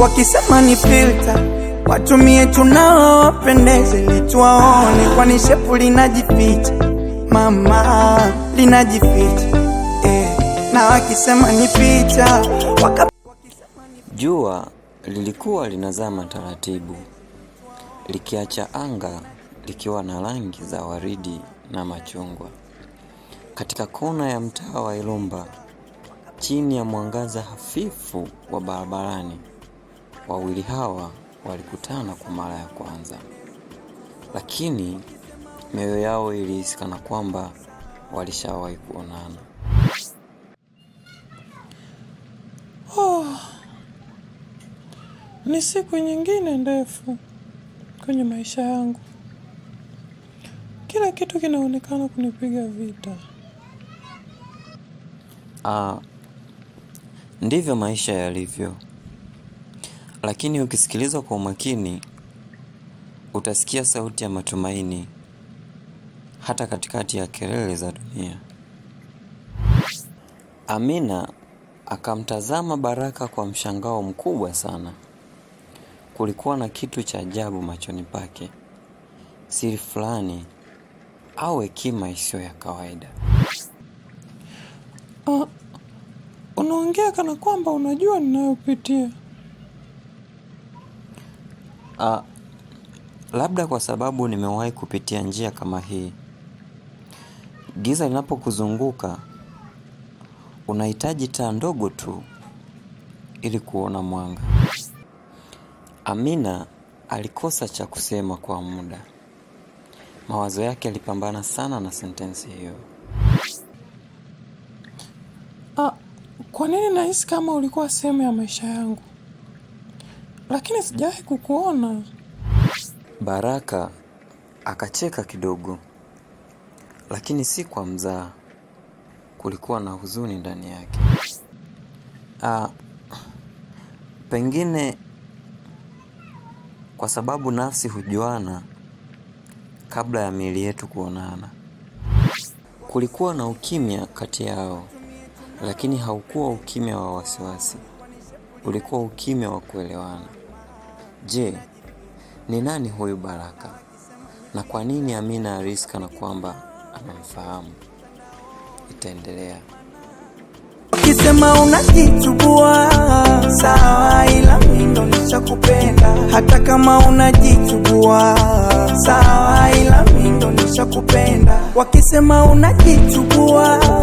wakisema ni filter, watumie tunaowapendeze ili tuwaone, kwani shepu linajificha mama, linajificha eh, na wakisema ni picha waka... Jua lilikuwa linazama taratibu likiacha anga likiwa na rangi za waridi na machungwa. Katika kona ya mtaa wa Ilumba, chini ya mwangaza hafifu wa barabarani, wawili hawa walikutana kwa mara ya kwanza, lakini mioyo yao ilihisikana kwamba walishawahi kuonana. Oh, ni siku nyingine ndefu kwenye maisha yangu. Kila kitu kinaonekana kunipiga vita. Ah, ndivyo maisha yalivyo. Lakini ukisikiliza kwa umakini, utasikia sauti ya matumaini hata katikati ya kelele za dunia. Amina akamtazama Baraka kwa mshangao mkubwa sana. Kulikuwa na kitu cha ajabu machoni pake, siri fulani au hekima isiyo ya kawaida. Uh, unaongea kana kwamba unajua ninayopitia, Ah, labda kwa sababu nimewahi kupitia njia kama hii. Giza linapokuzunguka, unahitaji taa ndogo tu ili kuona mwanga. Amina alikosa cha kusema kwa muda. Mawazo yake yalipambana sana na sentensi hiyo. Ah, kwa nini nahisi kama ulikuwa sehemu ya maisha yangu? lakini sijawahi kukuona. Baraka akacheka kidogo, lakini si kwa mzaa kulikuwa na huzuni ndani yake. Ah, pengine kwa sababu nafsi hujuana kabla ya miili yetu kuonana. Kulikuwa na ukimya kati yao, lakini haukuwa ukimya wa wasiwasi, ulikuwa ukimya wa kuelewana. Je, ni nani huyu Baraka na kwa nini Amina ariska na kwamba anamfahamu? Itaendelea. Ukisema unajitubua sawa, ila mimi nishakupenda. Hata kama unajitubua sawa, ila mimi nishakupenda. Wakisema unajitubua